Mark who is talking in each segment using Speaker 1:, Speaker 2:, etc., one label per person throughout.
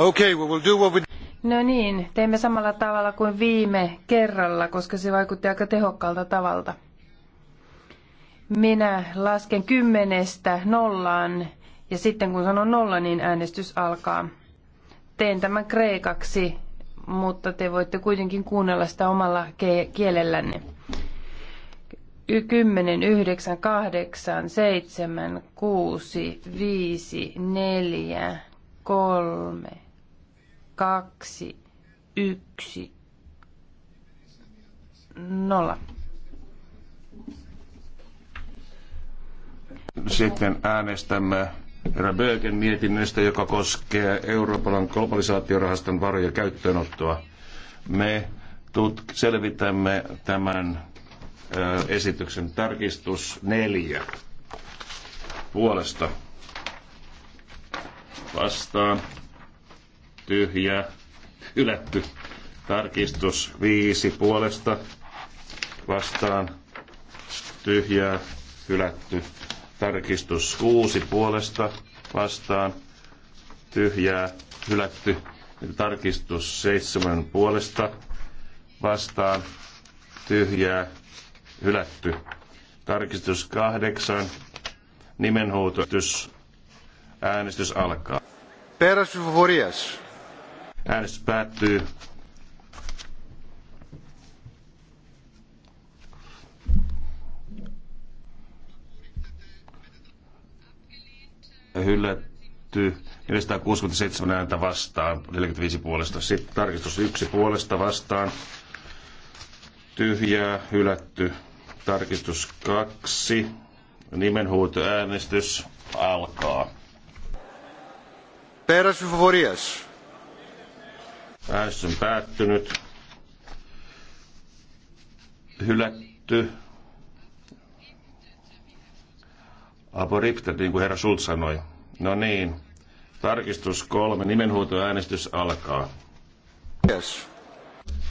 Speaker 1: Okay, we will do what we... No niin, teimme samalla tavalla kuin viime kerralla, koska se vaikutti aika tehokkaalta tavalta. Minä lasken kymmenestä nollaan ja sitten kun sanon nolla, niin äänestys alkaa. Teen tämän kreikaksi, mutta te voitte kuitenkin kuunnella sitä omalla kielellänne. 10, 9, 8, 7, 6, 5, 4, 3, kaksi, yksi, nolla.
Speaker 2: Sitten äänestämme Bögen mietinnöstä, joka koskee Euroopan globalisaatiorahaston varoja käyttöönottoa. Me tutk- selvitämme tämän ö, esityksen tarkistus neljä puolesta vastaan tyhjä, ylätty. Tarkistus viisi puolesta vastaan tyhjää, hylätty. Tarkistus kuusi puolesta vastaan tyhjää, hylätty. Tarkistus seitsemän puolesta vastaan tyhjää, hylätty. Tarkistus kahdeksan, nimenhuutus, Äänestys alkaa. Peräsforias. Äänestys päättyy. Hylätty 467 ääntä vastaan, 45 puolesta. Sitten tarkistus 1 puolesta vastaan. Tyhjää, hylätty. Tarkistus 2. Nimenhuutoäänestys alkaa. Πέρας Äänestys on päättynyt. Hylätty. Aboriptet, niin kuin herra Schultz sanoi. No niin. Tarkistus kolme. nimenhuuto äänestys alkaa. Yes.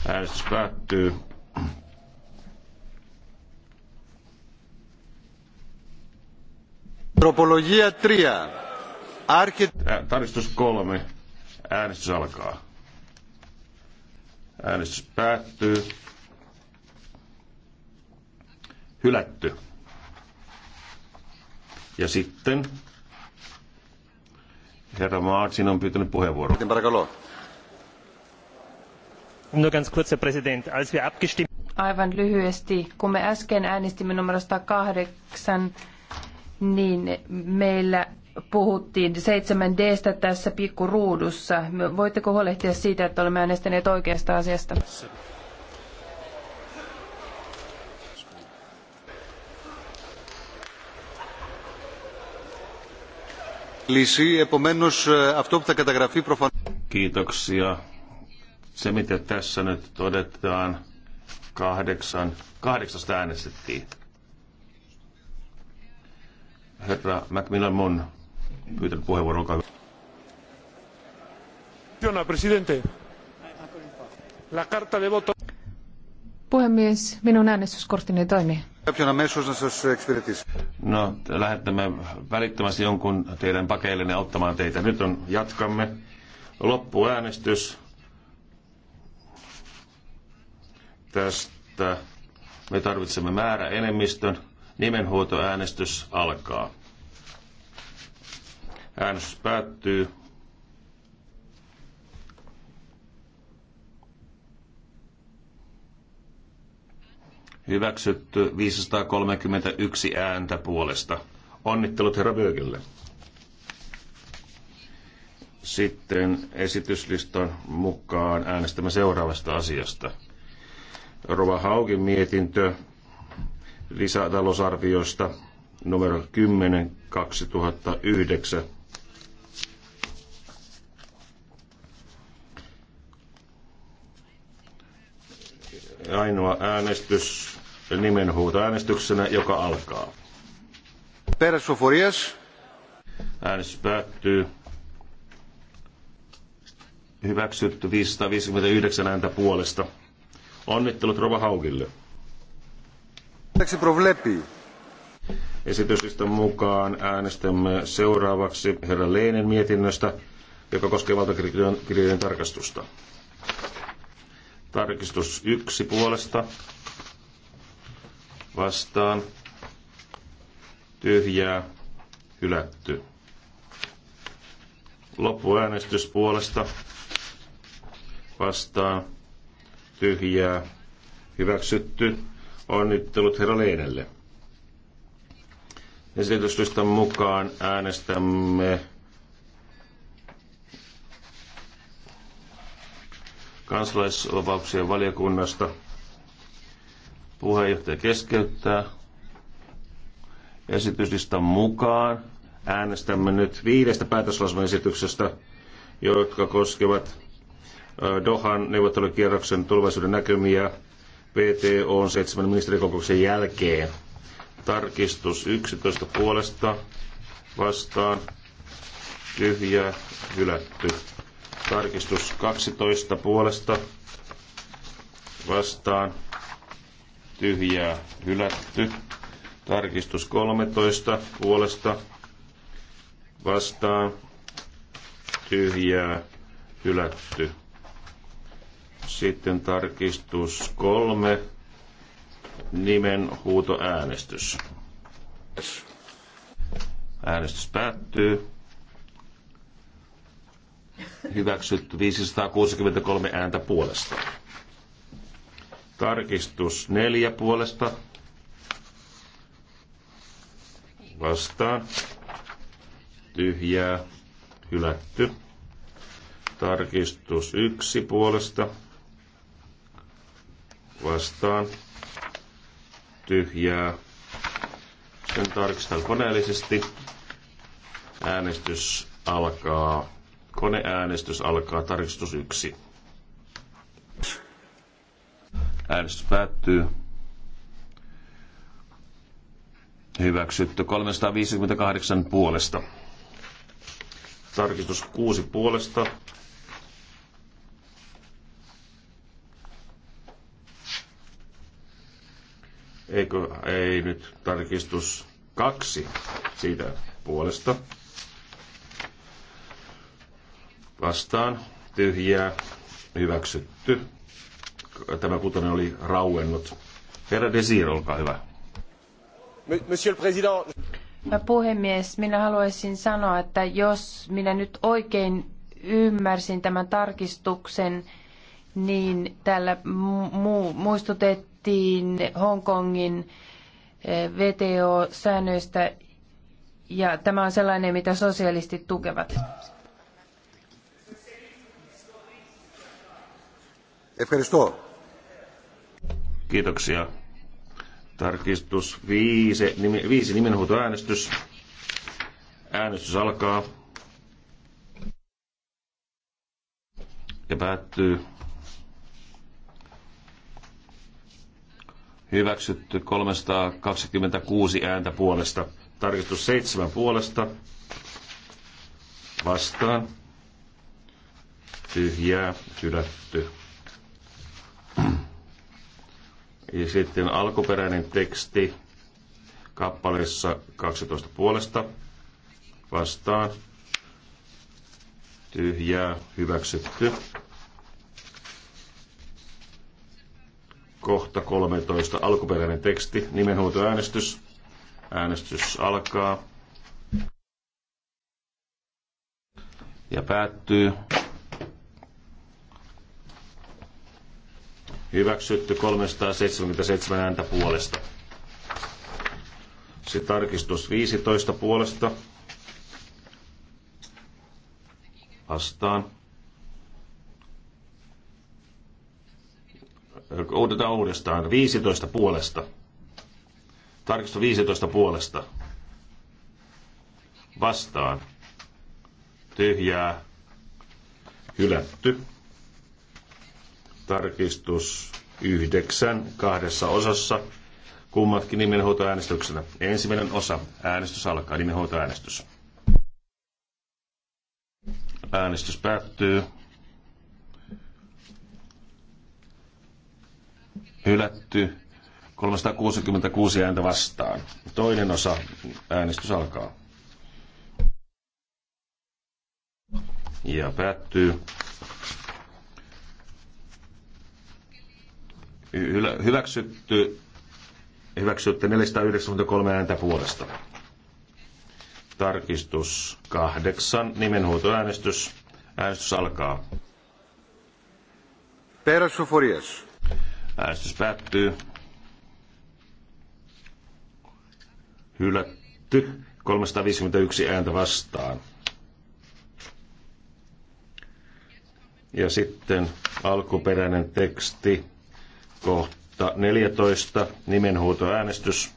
Speaker 2: Äänestys päättyy. Tropologia 3. Arki... Tarkistus kolme. Äänestys alkaa. Äänestys päättyy. Hylätty. Ja sitten herra Maatsin on pyytänyt puheenvuoron.
Speaker 1: aivan lyhyesti. Kun me äsken äänestimme numerosta kahdeksan, niin meillä puhuttiin 7Dstä tässä pikkuruudussa. Voitteko huolehtia siitä, että olemme äänestäneet oikeasta asiasta?
Speaker 2: Kiitoksia. Se, mitä tässä nyt todetaan, kahdeksan, kahdeksasta äänestettiin. Herra Macmillan Mun pyytänyt puheenvuoron, olkaa hyvä. Presidente. La carta de voto.
Speaker 1: Puhemies, minun äänestyskorttini ei toimi.
Speaker 2: No, lähetämme välittömästi jonkun teidän pakeillenne auttamaan teitä. Nyt on, jatkamme. Loppuäänestys tästä. Me tarvitsemme määräenemmistön. Nimenhuutoäänestys alkaa. Äänestys päättyy. Hyväksytty 531 ääntä puolesta. Onnittelut herra Bögelle. Sitten esityslistan mukaan äänestämme seuraavasta asiasta. Rova Haukin mietintö lisätalousarviosta numero 10 2009. ainoa äänestys nimenhuutoäänestyksenä, joka alkaa. Persoforias. Äänestys päättyy. Hyväksytty 559 ääntä puolesta. Onnittelut Rova Haugille. Esityslistan mukaan äänestämme seuraavaksi herra Leinen mietinnöstä, joka koskee valtakirjojen tarkastusta. Tarkistus yksi puolesta vastaan tyhjää hylätty. Loppuäänestys puolesta vastaan tyhjää hyväksytty. Onnittelut herra Leenelle. Esityslistan mukaan äänestämme kansalaisvapauksien valiokunnasta. Puheenjohtaja keskeyttää esityslistan mukaan. Äänestämme nyt viidestä päätöslausumaesityksestä, jotka koskevat Dohan neuvottelukierroksen tulevaisuuden näkymiä on seitsemän ministerikokouksen jälkeen. Tarkistus 11 puolesta vastaan tyhjä hylätty. Tarkistus 12 puolesta vastaan. Tyhjää hylätty. Tarkistus 13 puolesta vastaan. Tyhjää hylätty. Sitten tarkistus 3. Nimen huutoäänestys. Äänestys päättyy hyväksytty 563 ääntä puolesta. Tarkistus neljä puolesta. Vastaan. Tyhjää. Hylätty. Tarkistus yksi puolesta. Vastaan. Tyhjää. Sen tarkistan koneellisesti. Äänestys alkaa. Koneäänestys alkaa. Tarkistus yksi. Äänestys päättyy. Hyväksytty 358 puolesta. Tarkistus 6 puolesta. Eikö, ei nyt, tarkistus kaksi siitä puolesta vastaan tyhjää hyväksytty. Tämä kutonen oli rauennut. Herra Desir, olkaa hyvä. Monsieur le Président.
Speaker 1: Puhemies, minä haluaisin sanoa, että jos minä nyt oikein ymmärsin tämän tarkistuksen, niin täällä mu- muistutettiin Hongkongin eh, VTO-säännöistä ja tämä on sellainen, mitä sosialistit tukevat. Ευχαριστώ.
Speaker 2: Kiitoksia. Tarkistus viisi, nimi, viisi nimenhuuto Äänestys Äänestys alkaa. Ja päättyy. Hyväksytty 326 ääntä puolesta. Tarkistus seitsemän puolesta. Vastaan. Tyhjää, hylätty. Ja sitten alkuperäinen teksti kappaleessa 12 puolesta vastaan. Tyhjää hyväksytty. Kohta 13 alkuperäinen teksti, nimenhuutoäänestys. Äänestys alkaa ja päättyy. Hyväksytty 377 ääntä puolesta. Sitten tarkistus 15 puolesta. Vastaan. Otetaan uudestaan. 15 puolesta. Tarkistus 15 puolesta. Vastaan. Tyhjää. Hylätty. Tarkistus yhdeksän kahdessa osassa. Kummatkin nimenhuutoäänestyksenä. Ensimmäinen osa. Äänestys alkaa. Nimenhoitoäänestys. Äänestys päättyy. Hylätty. 366 ääntä vastaan. Toinen osa. Äänestys alkaa. Ja päättyy. hyväksytty, hyväksytty 493 ääntä puolesta. Tarkistus kahdeksan, nimenhuutoäänestys. Äänestys alkaa. Perusufurias. Äänestys päättyy. Hylätty. 351 ääntä vastaan. Ja sitten alkuperäinen teksti Kohta 14. Nimenhuutoäänestys.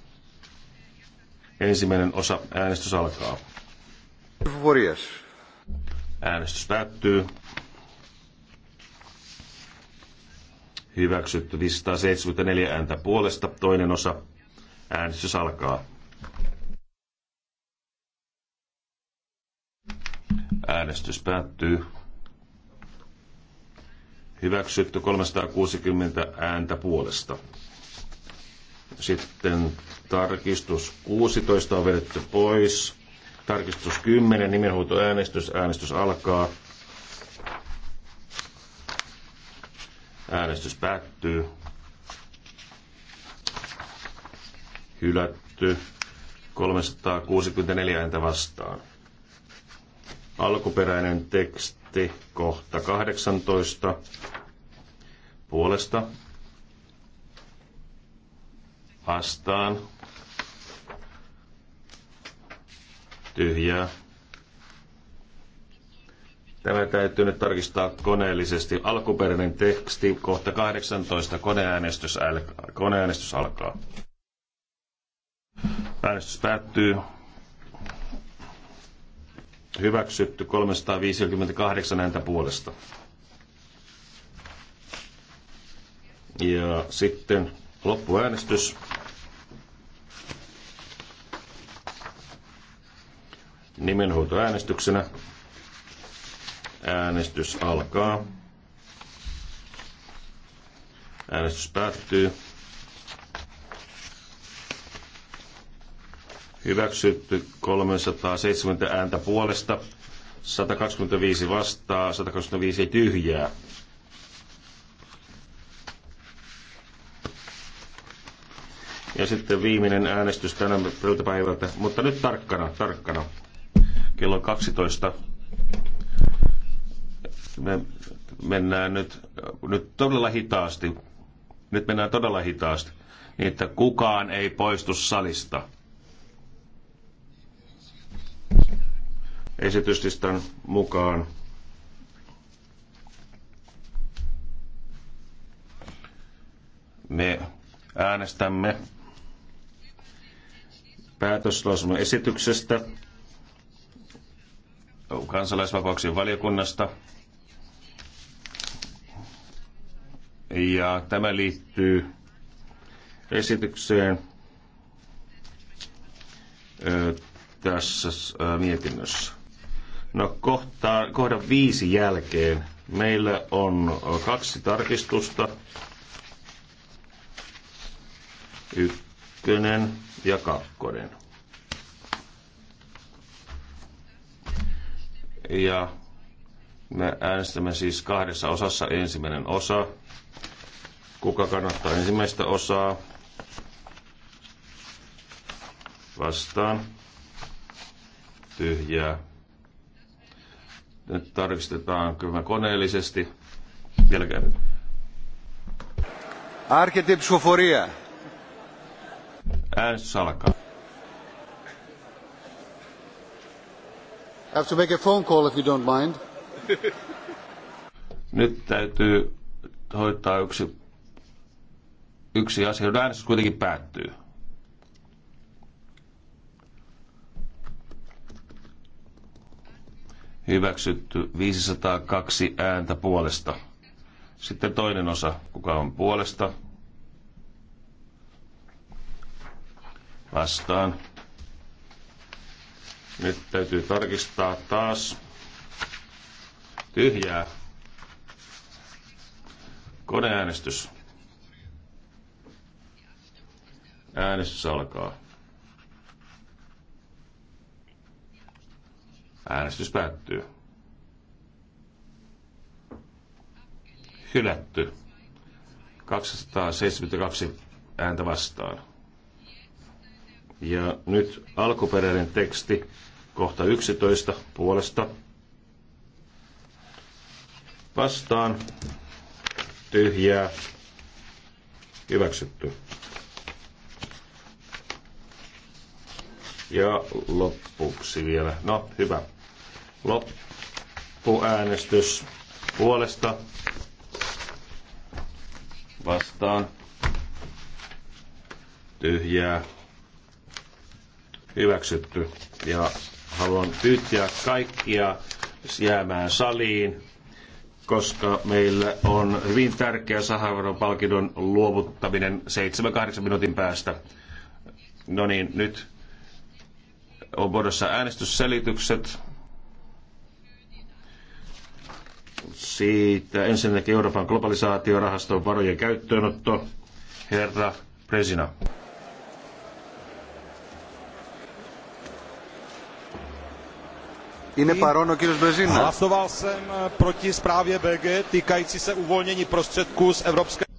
Speaker 2: Ensimmäinen osa. Äänestys alkaa. Vorjes. Äänestys päättyy. Hyväksytty 574 ääntä puolesta. Toinen osa. Äänestys alkaa. Äänestys päättyy hyväksytty 360 ääntä puolesta. Sitten tarkistus 16 on vedetty pois. Tarkistus 10, nimenhuutoäänestys. Äänestys alkaa. Äänestys päättyy. Hylätty 364 ääntä vastaan. Alkuperäinen teksti lähti kohta 18 puolesta vastaan tyhjää. Tämä täytyy nyt tarkistaa koneellisesti. Alkuperäinen teksti, kohta 18, koneäänestys, äl- koneäänestys alkaa. Äänestys päättyy. Hyväksytty 358 ääntä puolesta. Ja sitten loppuäänestys. Nimenhuutoäänestyksenä. Äänestys alkaa. Äänestys päättyy. hyväksytty 370 ääntä puolesta, 125 vastaa, 125 tyhjää. Ja sitten viimeinen äänestys tänä iltapäivältä, mutta nyt tarkkana, tarkkana. Kello 12. Me mennään nyt, nyt todella hitaasti. Nyt mennään todella hitaasti, niin että kukaan ei poistu salista. esityslistan mukaan. Me äänestämme päätöslausuman esityksestä kansalaisvapauksien valiokunnasta. Ja tämä liittyy esitykseen tässä mietinnössä. No kohta, kohdan viisi jälkeen meillä on kaksi tarkistusta. Ykkönen ja kakkonen. Ja me äänestämme siis kahdessa osassa ensimmäinen osa. Kuka kannattaa ensimmäistä osaa? Vastaan. Tyhjää tarkistetaan kyllä koneellisesti. Vielä kerran. Άρχεται Äänestys alkaa.
Speaker 1: Have to make a phone call if you don't mind.
Speaker 2: Nyt täytyy hoitaa yksi, yksi asia. Äänestys kuitenkin päättyy. Hyväksytty 502 ääntä puolesta. Sitten toinen osa, kuka on puolesta. Vastaan. Nyt täytyy tarkistaa taas. Tyhjää. Koneäänestys. Äänestys alkaa. Äänestys päättyy. Hylätty. 272 ääntä vastaan. Ja nyt alkuperäinen teksti kohta 11 puolesta. Vastaan. Tyhjää. Hyväksytty. Ja loppuksi vielä. No, hyvä. Loppuäänestys puolesta. Vastaan. Tyhjää. Hyväksytty. Ja haluan pyytää kaikkia jäämään saliin, koska meillä on hyvin tärkeä Saharon palkinnon luovuttaminen 7-8 minuutin päästä. No niin, nyt on äänestysselitykset siitä ensinnäkin Euroopan globalisaatiorahaston varojen käyttöönotto. Herra Presina.
Speaker 1: Είναι παρόν Hlasoval
Speaker 2: jsem eh, proti zprávě BG týkající se uvolnění prostředků z Evropské